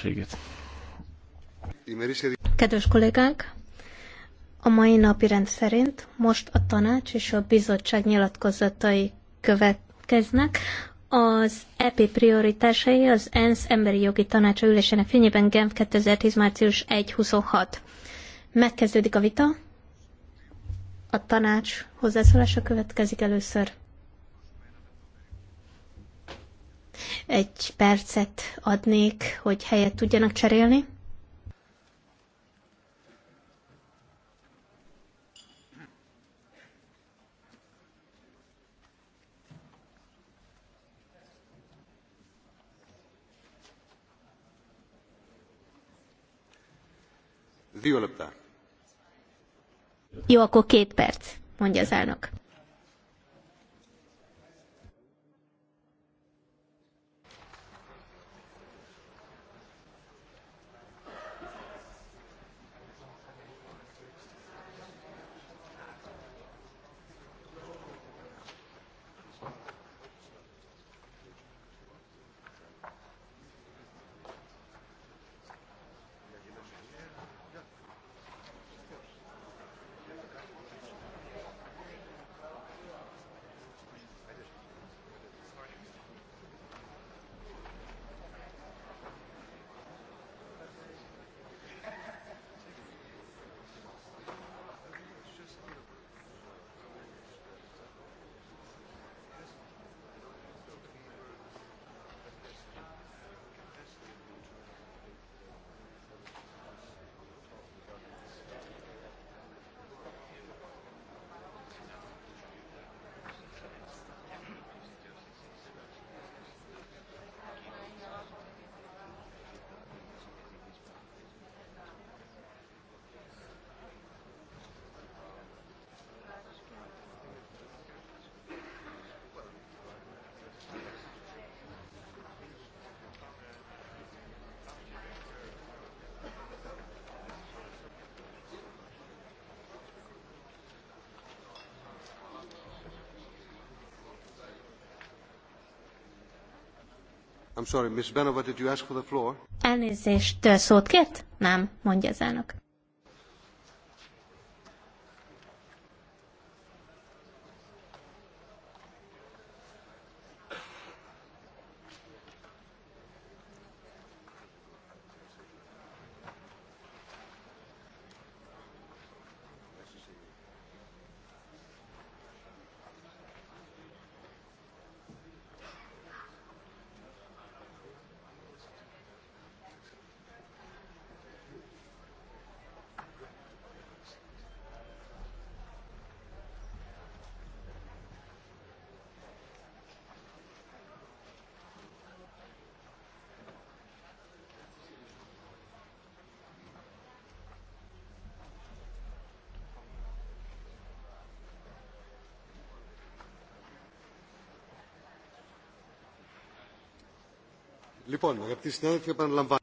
segít. Kedves kollégák, a mai napi rend szerint most a tanács és a bizottság nyilatkozatai következnek. Az EP prioritásai az ENSZ emberi jogi tanácsa ülésének fényében Genf 2010. március 1.26. Megkezdődik a vita. A tanács hozzászólása következik először. egy percet adnék, hogy helyet tudjanak cserélni. Jó, akkor két perc, mondja az elnök. I'm sorry, Benova, did you ask for the floor? Elnézést, szót kért? Nem, mondja az elnök.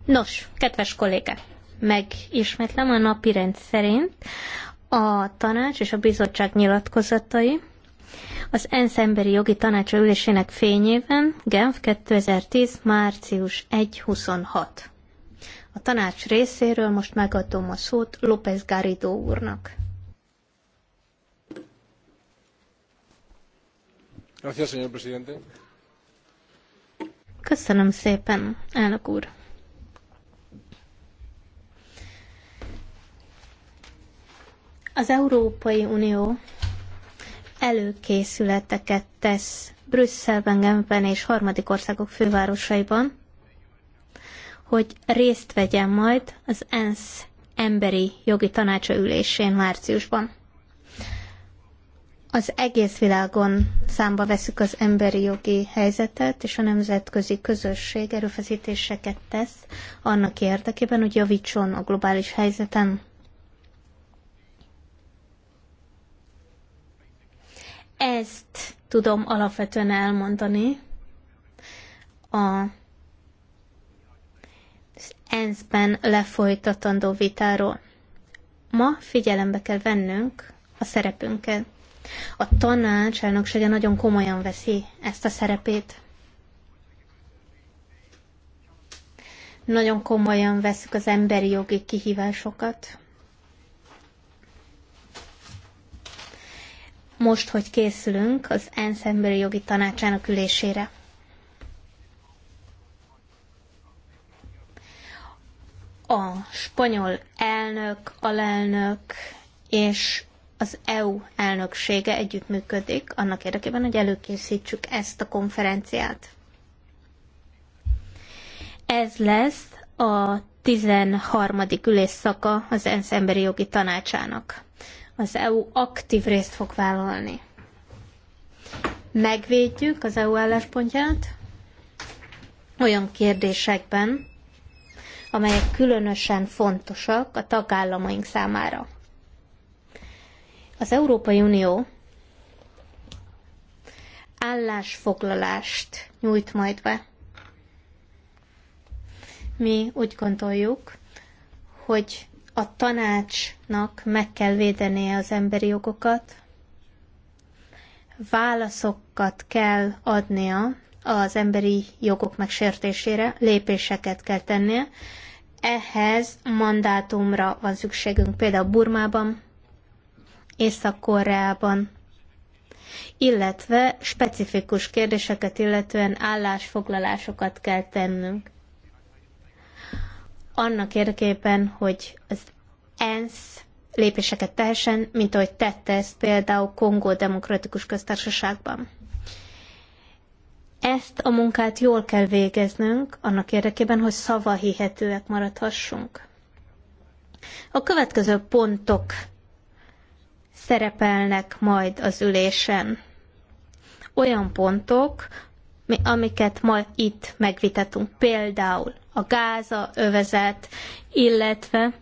Nos, kedves kollégák, megismétlem a napi rend szerint a tanács és a bizottság nyilatkozatai az ENSZ emberi jogi tanácsa ülésének fényében Genf 2010. március 1.26. A tanács részéről most megadom a szót López Garrido úrnak. Gracias, señor presidente. Köszönöm szépen, elnök úr. Az Európai Unió előkészületeket tesz Brüsszelben, Genfben és harmadik országok fővárosaiban, hogy részt vegyen majd az ENSZ emberi jogi tanácsa ülésén márciusban az egész világon számba veszük az emberi jogi helyzetet, és a nemzetközi közösség erőfeszítéseket tesz annak érdekében, hogy javítson a globális helyzeten. Ezt tudom alapvetően elmondani a ENSZ-ben lefolytatandó vitáról. Ma figyelembe kell vennünk a szerepünket a tanács elnöksége nagyon komolyan veszi ezt a szerepét. Nagyon komolyan veszük az emberi jogi kihívásokat. Most, hogy készülünk az ENSZ emberi jogi tanácsának ülésére. a spanyol elnök, alelnök és az EU elnöksége együttműködik annak érdekében, hogy előkészítsük ezt a konferenciát. Ez lesz a 13. ülésszaka az ENSZ emberi jogi tanácsának. Az EU aktív részt fog vállalni. Megvédjük az EU álláspontját olyan kérdésekben, amelyek különösen fontosak a tagállamaink számára az Európai Unió állásfoglalást nyújt majd be. Mi úgy gondoljuk, hogy a tanácsnak meg kell védenie az emberi jogokat, válaszokat kell adnia az emberi jogok megsértésére, lépéseket kell tennie. Ehhez mandátumra van szükségünk például Burmában, Észak-Koreában, illetve specifikus kérdéseket illetően állásfoglalásokat kell tennünk. Annak érdekében, hogy az ENSZ lépéseket tehessen, mint ahogy tette ezt például Kongó Demokratikus Köztársaságban. Ezt a munkát jól kell végeznünk, annak érdekében, hogy szavahihetőek maradhassunk. A következő pontok szerepelnek majd az ülésen. Olyan pontok, amiket ma itt megvitatunk, például a Gáza övezet, illetve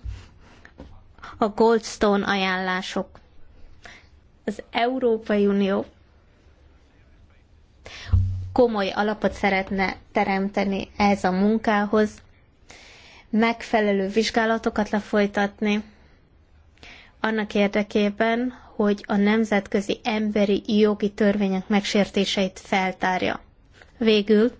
a Goldstone ajánlások. Az Európai Unió komoly alapot szeretne teremteni ez a munkához, megfelelő vizsgálatokat lefolytatni, annak érdekében, hogy a nemzetközi emberi jogi törvények megsértéseit feltárja. Végül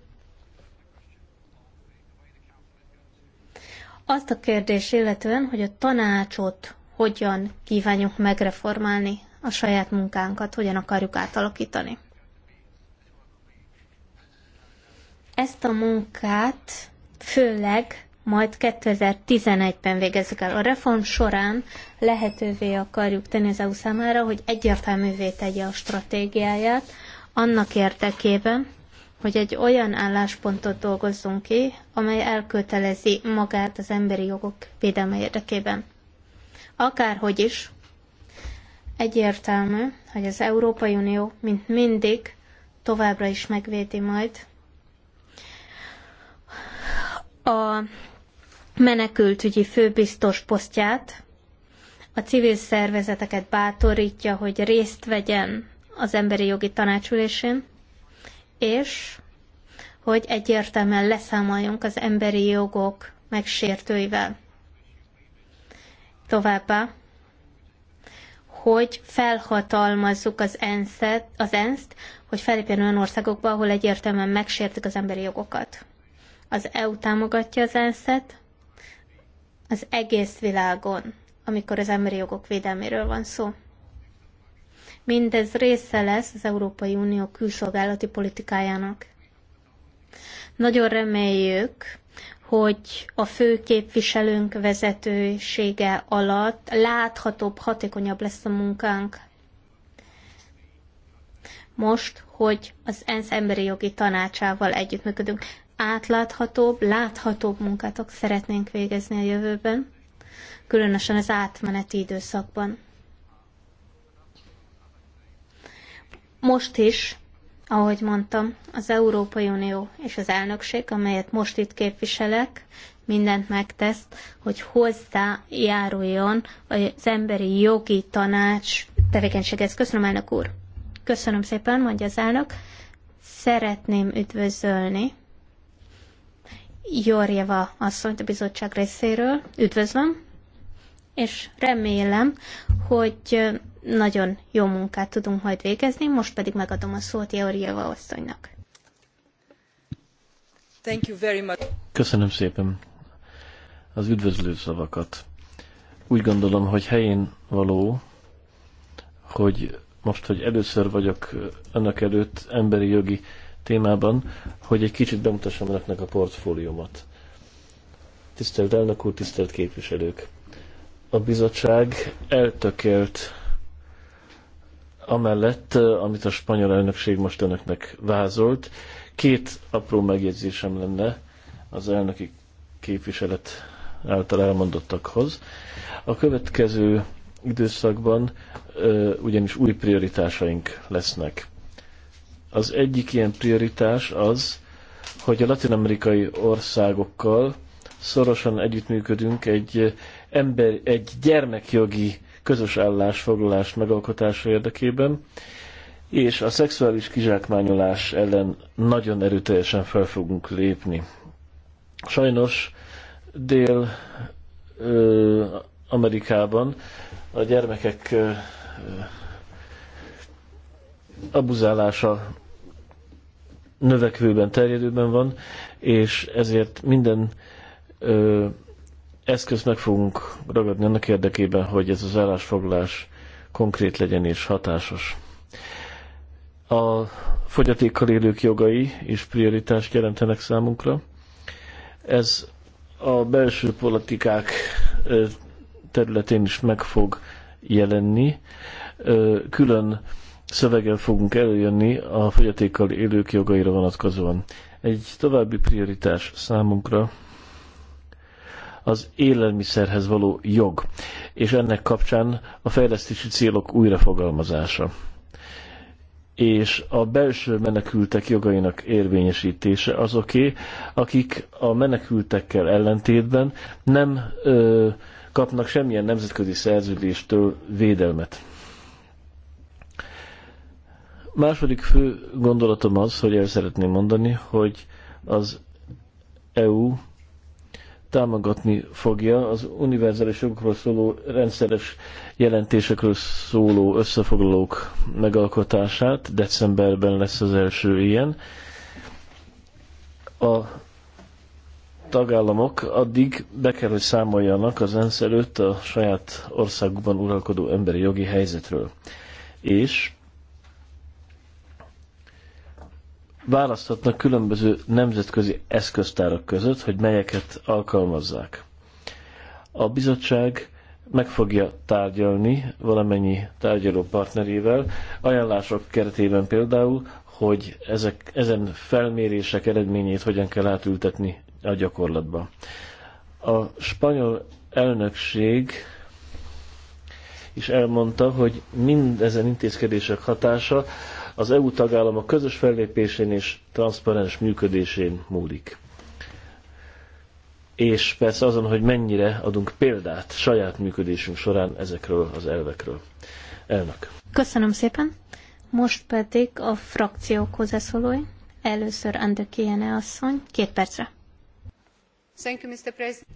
azt a kérdés illetően, hogy a tanácsot hogyan kívánjuk megreformálni, a saját munkánkat hogyan akarjuk átalakítani. Ezt a munkát főleg majd 2011-ben végezzük el. A reform során lehetővé akarjuk tenni az EU számára, hogy egyértelművé tegye a stratégiáját, annak érdekében, hogy egy olyan álláspontot dolgozzunk ki, amely elkötelezi magát az emberi jogok védelme érdekében. Akárhogy is, egyértelmű, hogy az Európai Unió, mint mindig, továbbra is megvédi majd a menekültügyi főbiztos posztját, a civil szervezeteket bátorítja, hogy részt vegyen az emberi jogi tanácsülésén, és hogy egyértelműen leszámoljunk az emberi jogok megsértőivel. Továbbá, hogy felhatalmazzuk az ensz az ENSZ-t, hogy felépjen olyan országokba, ahol egyértelműen megsértik az emberi jogokat. Az EU támogatja az ENSZ-et, az egész világon, amikor az emberi jogok védelméről van szó. Mindez része lesz az Európai Unió külszolgálati politikájának. Nagyon reméljük, hogy a fő képviselőnk vezetősége alatt láthatóbb, hatékonyabb lesz a munkánk. Most, hogy az ENSZ emberi jogi tanácsával együttműködünk átláthatóbb, láthatóbb munkátok szeretnénk végezni a jövőben, különösen az átmeneti időszakban. Most is, ahogy mondtam, az Európai Unió és az elnökség, amelyet most itt képviselek, mindent megtesz, hogy hozzájáruljon az emberi jogi tanács tevékenységhez. Köszönöm, elnök úr! Köszönöm szépen, mondja az elnök. Szeretném üdvözölni Jorjeva asszonyt a bizottság részéről. Üdvözlöm, és remélem, hogy nagyon jó munkát tudunk majd végezni, most pedig megadom a szót Jorjeva asszonynak. Thank you very much. Köszönöm szépen az üdvözlő szavakat. Úgy gondolom, hogy helyén való, hogy most, hogy először vagyok önök előtt emberi jogi témában, hogy egy kicsit bemutassam önöknek a portfóliómat. Tisztelt elnök úr, tisztelt képviselők! A bizottság eltökélt amellett, amit a spanyol elnökség most önöknek vázolt. Két apró megjegyzésem lenne az elnöki képviselet által elmondottakhoz. A következő időszakban ugyanis új prioritásaink lesznek. Az egyik ilyen prioritás az, hogy a latinamerikai országokkal szorosan együttműködünk egy, ember, egy gyermekjogi közös állásfoglalás megalkotása érdekében, és a szexuális kizsákmányolás ellen nagyon erőteljesen fel fogunk lépni. Sajnos dél ö, Amerikában a gyermekek ö, abuzálása növekvőben, terjedőben van, és ezért minden ö, eszközt meg fogunk ragadni annak érdekében, hogy ez az állásfoglalás konkrét legyen és hatásos. A fogyatékkal élők jogai és prioritást jelentenek számunkra. Ez a belső politikák területén is meg fog jelenni. Külön szöveggel fogunk előjönni a fogyatékkal élők jogaira vonatkozóan. Egy további prioritás számunkra az élelmiszerhez való jog, és ennek kapcsán a fejlesztési célok újrafogalmazása és a belső menekültek jogainak érvényesítése azoké, akik a menekültekkel ellentétben nem ö, kapnak semmilyen nemzetközi szerződéstől védelmet. Második fő gondolatom az, hogy el szeretném mondani, hogy az EU támogatni fogja az univerzális jogokról szóló rendszeres jelentésekről szóló összefoglalók megalkotását. Decemberben lesz az első ilyen. A tagállamok addig be kell, hogy számoljanak az ENSZ előtt a saját országukban uralkodó emberi jogi helyzetről. És választhatnak különböző nemzetközi eszköztárak között, hogy melyeket alkalmazzák. A bizottság meg fogja tárgyalni valamennyi tárgyaló partnerével, ajánlások keretében például, hogy ezek, ezen felmérések eredményét hogyan kell átültetni a gyakorlatba. A spanyol elnökség is elmondta, hogy mindezen intézkedések hatása az EU tagállamok közös fellépésén és transzparens működésén múlik. És persze azon, hogy mennyire adunk példát saját működésünk során ezekről az elvekről. Elnök. Köszönöm szépen. Most pedig a frakciók hozzászólói. Először Andökiene asszony, két percre.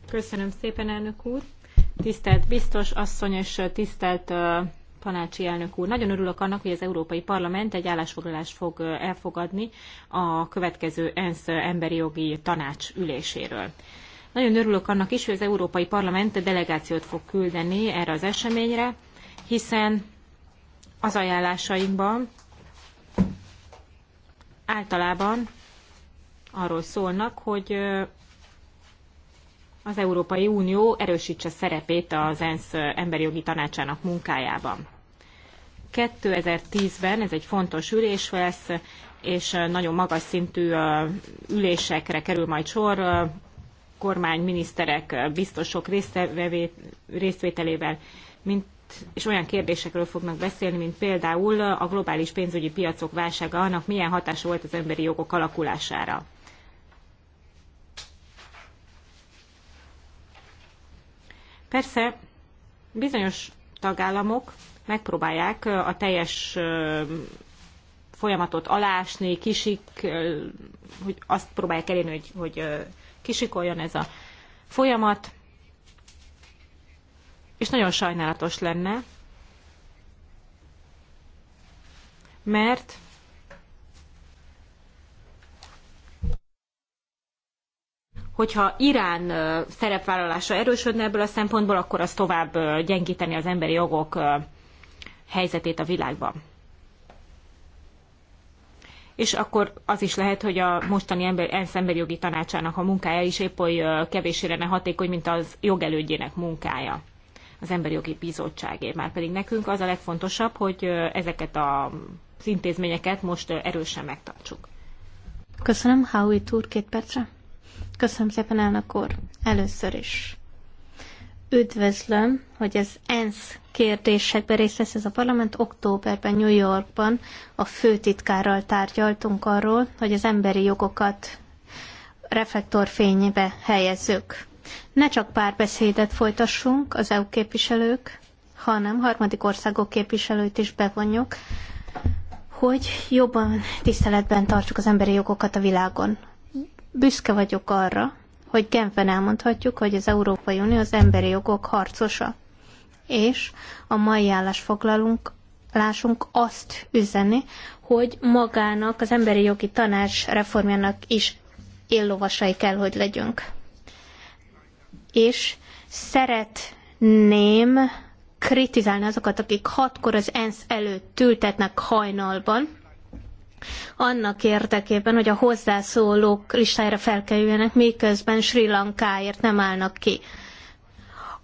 Köszönöm szépen, elnök úr. Tisztelt biztos asszony és tisztelt tanácsi elnök úr. Nagyon örülök annak, hogy az Európai Parlament egy állásfoglalást fog elfogadni a következő ENSZ emberi jogi tanács üléséről. Nagyon örülök annak is, hogy az Európai Parlament delegációt fog küldeni erre az eseményre, hiszen az ajánlásainkban általában arról szólnak, hogy az Európai Unió erősítse szerepét az ENSZ emberi jogi tanácsának munkájában. 2010-ben ez egy fontos ülés lesz, és nagyon magas szintű ülésekre kerül majd sor, kormányminiszterek, biztosok résztvételével, mint és olyan kérdésekről fognak beszélni, mint például a globális pénzügyi piacok válsága, annak milyen hatása volt az emberi jogok alakulására. Persze bizonyos tagállamok megpróbálják a teljes folyamatot alásni, kisik, hogy azt próbálják elérni, hogy, hogy kisikoljon ez a folyamat. És nagyon sajnálatos lenne, mert hogyha Irán szerepvállalása erősödne ebből a szempontból, akkor az tovább gyengíteni az emberi jogok helyzetét a világban. És akkor az is lehet, hogy a mostani ember, ENSZ emberi jogi tanácsának a munkája is épp oly kevésére lenne hatékony, mint az jogelődjének munkája az emberi jogi bizottságé. Már pedig nekünk az a legfontosabb, hogy ezeket a az intézményeket most erősen megtartsuk. Köszönöm, Howie két percre. Köszönöm szépen, elnök úr. Először is üdvözlöm, hogy az ENSZ kérdésekben részt vesz ez a parlament. Októberben New Yorkban a főtitkárral tárgyaltunk arról, hogy az emberi jogokat reflektorfénybe helyezzük. Ne csak párbeszédet folytassunk az EU képviselők, hanem harmadik országok képviselőit is bevonjuk, hogy jobban tiszteletben tartsuk az emberi jogokat a világon. Büszke vagyok arra, hogy Genfen elmondhatjuk, hogy az Európai Unió az emberi jogok harcosa. És a mai állásfoglalunk lásunk azt üzeni, hogy magának az emberi jogi tanács reformjának is éllovasai kell, hogy legyünk. És szeretném kritizálni azokat, akik hatkor az ENSZ előtt ültetnek hajnalban, annak érdekében, hogy a hozzászólók listájára felkerüljenek, miközben Sri Lankáért nem állnak ki.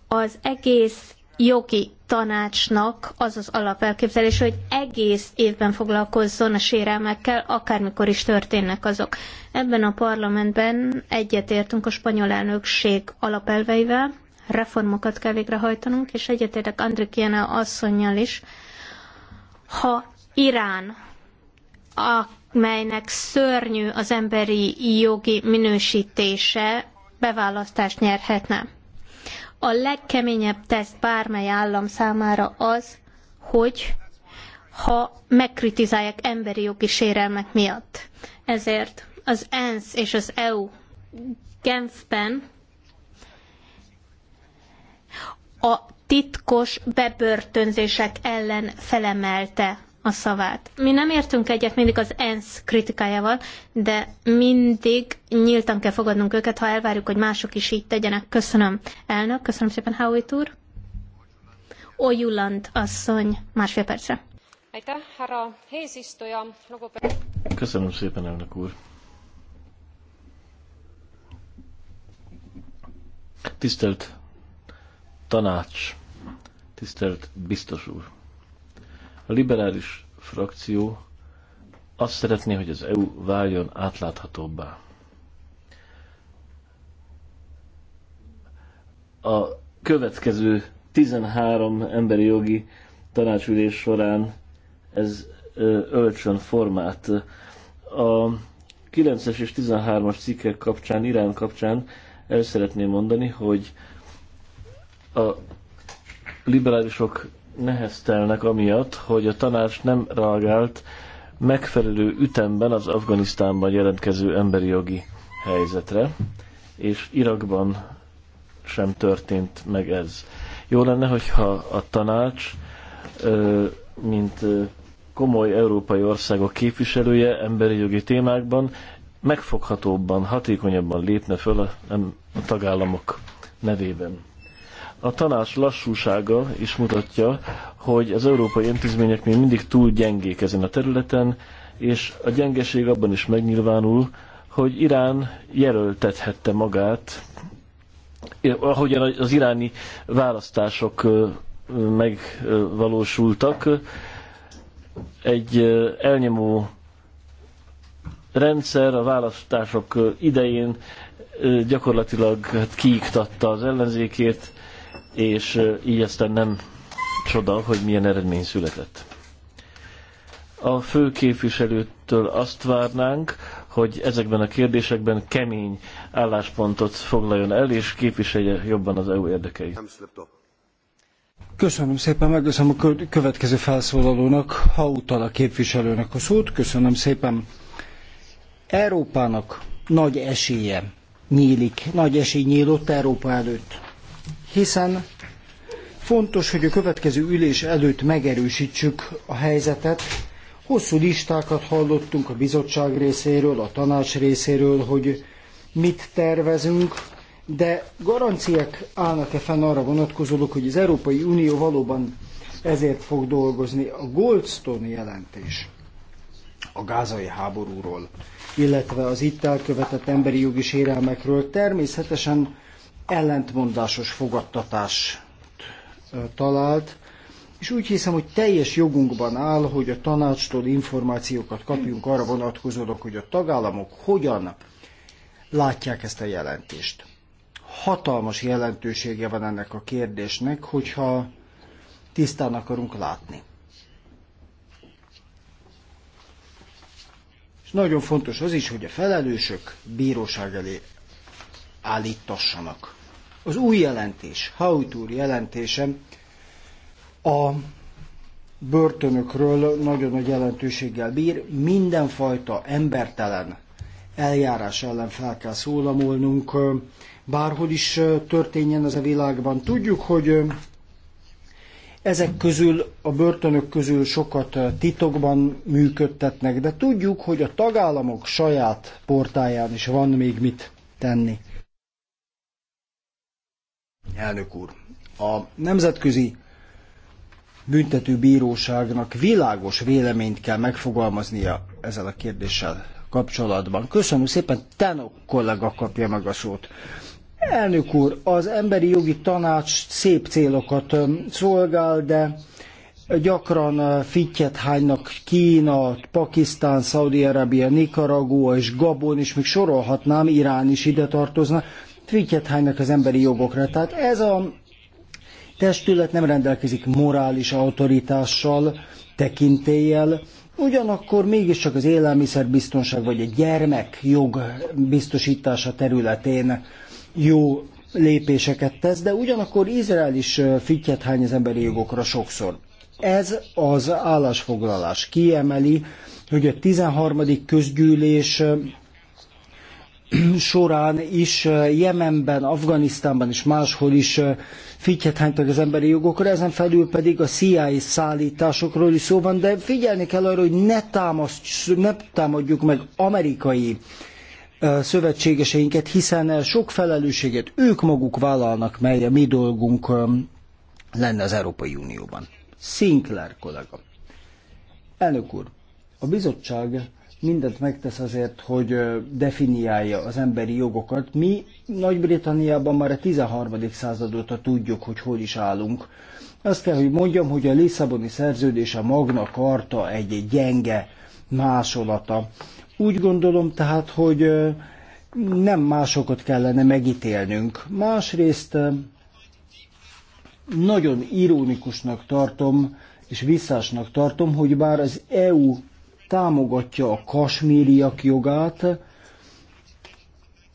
Az egész jogi tanácsnak az az alapelképzelés, hogy egész évben foglalkozzon a sérelmekkel, akármikor is történnek azok. Ebben a parlamentben egyetértünk a spanyol elnökség alapelveivel, reformokat kell végrehajtanunk, és egyetértek Andrikiana asszonynal is. Ha Irán amelynek szörnyű az emberi jogi minősítése, beválasztást nyerhetne. A legkeményebb teszt bármely állam számára az, hogy ha megkritizálják emberi jogi sérelmek miatt. Ezért az ENSZ és az EU Genfben a titkos bebörtönzések ellen felemelte a szavát. Mi nem értünk egyet mindig az ENSZ kritikájával, de mindig nyíltan kell fogadnunk őket, ha elvárjuk, hogy mások is így tegyenek. Köszönöm, elnök, köszönöm szépen, Howitt úr. Ojuland asszony, másfél percre. Köszönöm szépen, elnök úr. Tisztelt tanács, tisztelt biztos úr. A liberális frakció azt szeretné, hogy az EU váljon átláthatóbbá. A következő 13 emberi jogi tanácsülés során ez ölcsön formát. A 9-es és 13-as cikkek kapcsán, Irán kapcsán el szeretném mondani, hogy a liberálisok neheztelnek amiatt, hogy a tanács nem reagált megfelelő ütemben az Afganisztánban jelentkező emberi jogi helyzetre, és Irakban sem történt meg ez. Jó lenne, hogyha a tanács, mint komoly európai országok képviselője emberi jogi témákban megfoghatóbban, hatékonyabban lépne föl a, a tagállamok nevében. A tanács lassúsága is mutatja, hogy az európai intézmények még mindig túl gyengék ezen a területen, és a gyengeség abban is megnyilvánul, hogy Irán jelöltethette magát, eh, ahogyan az iráni választások eh, megvalósultak, egy eh, elnyomó rendszer a választások idején gyakorlatilag hát kiiktatta az ellenzékét, és így aztán nem csoda, hogy milyen eredmény született. A fő képviselőtől azt várnánk, hogy ezekben a kérdésekben kemény álláspontot foglaljon el, és képviselje jobban az EU érdekeit. Köszönöm szépen, megköszönöm a következő felszólalónak, ha utal a képviselőnek a szót. Köszönöm szépen. Európának nagy esélye nyílik, nagy esély nyílott Európa előtt hiszen fontos, hogy a következő ülés előtt megerősítsük a helyzetet. Hosszú listákat hallottunk a bizottság részéről, a tanács részéről, hogy mit tervezünk, de garanciák állnak-e fenn arra vonatkozólag, hogy az Európai Unió valóban ezért fog dolgozni. A Goldstone jelentés a gázai háborúról, illetve az itt elkövetett emberi jogi sérelmekről természetesen ellentmondásos fogadtatást talált, és úgy hiszem, hogy teljes jogunkban áll, hogy a tanácstól információkat kapjunk arra vonatkozólag, hogy a tagállamok hogyan látják ezt a jelentést. Hatalmas jelentősége van ennek a kérdésnek, hogyha tisztán akarunk látni. És nagyon fontos az is, hogy a felelősök bíróság elé állítassanak. Az új jelentés, Hautúr jelentése jelentésem a börtönökről nagyon nagy jelentőséggel bír, mindenfajta embertelen eljárás ellen fel kell szólamolnunk, bárhol is történjen ez a világban. Tudjuk, hogy ezek közül, a börtönök közül sokat titokban működtetnek, de tudjuk, hogy a tagállamok saját portáján is van még mit tenni. Elnök úr, a Nemzetközi Büntető Bíróságnak világos véleményt kell megfogalmaznia ezzel a kérdéssel kapcsolatban. Köszönöm szépen, Tenok kollega kapja meg a szót. Elnök úr, az emberi jogi tanács szép célokat szolgál, de gyakran fittyet hánynak Kína, Pakisztán, Szaudi-Arabia, Nicaragua és Gabon, és még sorolhatnám, Irán is ide tartozna fittyet hánynak az emberi jogokra. Tehát ez a testület nem rendelkezik morális autoritással, tekintéllyel, ugyanakkor mégiscsak az élelmiszerbiztonság vagy a jog biztosítása területén jó lépéseket tesz, de ugyanakkor Izrael is fittyet hány az emberi jogokra sokszor. Ez az állásfoglalás kiemeli, hogy a 13. közgyűlés során is Jemenben, Afganisztánban és máshol is figyelhetnek az emberi jogokra, ezen felül pedig a CIA szállításokról is szó van, de figyelni kell arra, hogy ne, támaszt, ne támadjuk meg amerikai szövetségeseinket, hiszen sok felelősséget ők maguk vállalnak, mely a mi dolgunk lenne az Európai Unióban. Sinclair kollega. Elnök úr, a bizottság mindent megtesz azért, hogy definiálja az emberi jogokat. Mi Nagy-Britanniában már a 13. század óta tudjuk, hogy hol is állunk. Azt kell, hogy mondjam, hogy a Lisszaboni szerződés a Magna Karta egy gyenge másolata. Úgy gondolom tehát, hogy nem másokat kellene megítélnünk. Másrészt nagyon irónikusnak tartom, és visszásnak tartom, hogy bár az EU támogatja a kasmíriak jogát,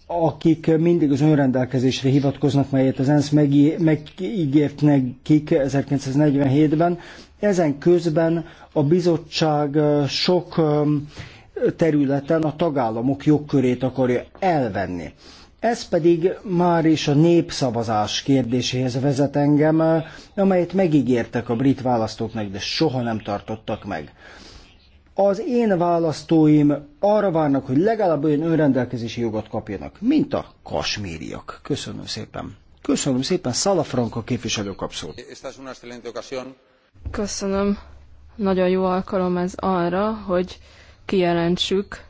akik mindig az önrendelkezésre hivatkoznak, melyet az ENSZ megígért nekik 1947-ben. Ezen közben a bizottság sok területen a tagállamok jogkörét akarja elvenni. Ez pedig már is a népszavazás kérdéséhez vezet engem, amelyet megígértek a brit választóknak, de soha nem tartottak meg az én választóim arra várnak, hogy legalább olyan önrendelkezési jogot kapjanak, mint a kasmíriak. Köszönöm szépen. Köszönöm szépen, Franka képviselő kapszót. Köszönöm. Nagyon jó alkalom ez arra, hogy kijelentsük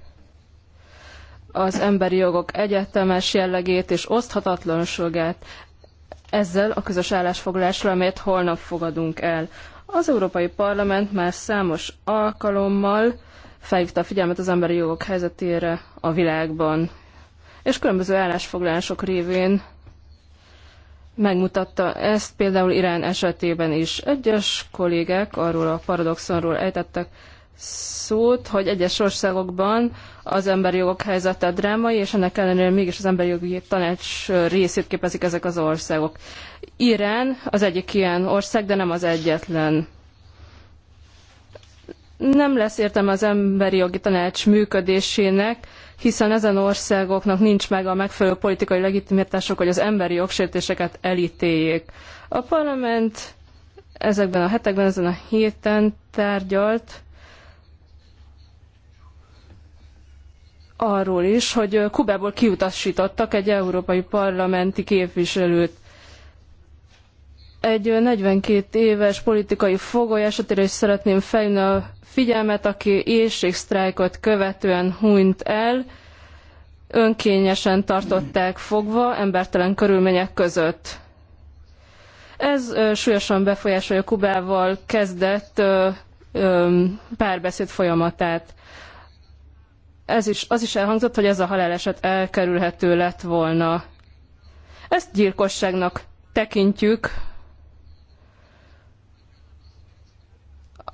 az emberi jogok egyetemes jellegét és oszthatatlanságát ezzel a közös állásfoglalásra, amelyet holnap fogadunk el. Az Európai Parlament már számos alkalommal felhívta a figyelmet az emberi jogok helyzetére a világban, és különböző állásfoglalások révén megmutatta ezt például Irán esetében is. Egyes kollégek arról a paradoxonról ejtettek szót, hogy egyes országokban az emberi jogok helyzete drámai, és ennek ellenére mégis az emberi jogi tanács részét képezik ezek az országok. Irán az egyik ilyen ország, de nem az egyetlen. Nem lesz értelme az emberi jogi tanács működésének, hiszen ezen országoknak nincs meg a megfelelő politikai legitimitásuk, hogy az emberi jogsértéseket elítéljék. A parlament ezekben a hetekben, ezen a héten tárgyalt arról is, hogy Kubából kiutasítottak egy európai parlamenti képviselőt. Egy 42 éves politikai fogoly esetére is szeretném felhívni a figyelmet, aki éjségsztrájkot követően hunyt el, önkényesen tartották fogva embertelen körülmények között. Ez súlyosan befolyásolja Kubával kezdett párbeszéd folyamatát ez is, az is elhangzott, hogy ez a haláleset elkerülhető lett volna. Ezt gyilkosságnak tekintjük.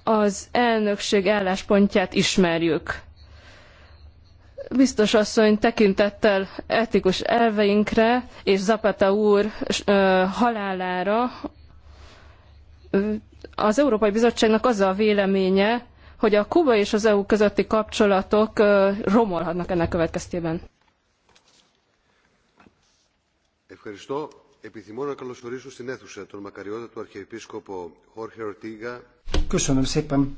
Az elnökség álláspontját ismerjük. Biztos asszony tekintettel etikus elveinkre és Zapata úr ö, halálára az Európai Bizottságnak az a véleménye, hogy a Kuba és az EU közötti kapcsolatok romolhatnak ennek következtében. Ευχαριστώ. Επιθυμώ να καλωσορίσω στην αίθουσα τον μακαριότητα του Αρχιεπίσκοπο Χόρχε Ορτίγα. Köszönöm szépen.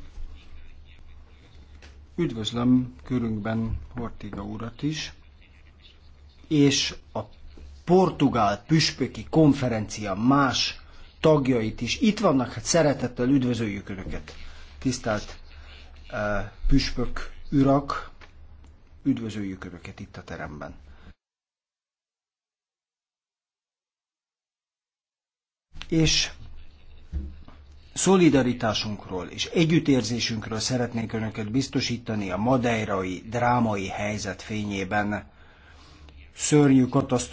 Üdvözlöm körünkben Hortiga urat is, és a portugál püspöki konferencia más tagjait is. Itt vannak, hát szeretettel üdvözöljük Önöket, tisztelt Eh, püspök urak, üdvözöljük Önöket itt a teremben. És szolidaritásunkról és együttérzésünkről szeretnénk Önöket biztosítani a madeirai drámai helyzet fényében. Szörnyű katasztrófa